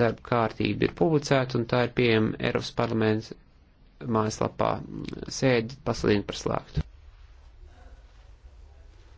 Darba kārtība ir publicēta un tā ir pieejama Eiropas parlamenta mājaslapā. Sēdi paslīdina par slēgtu.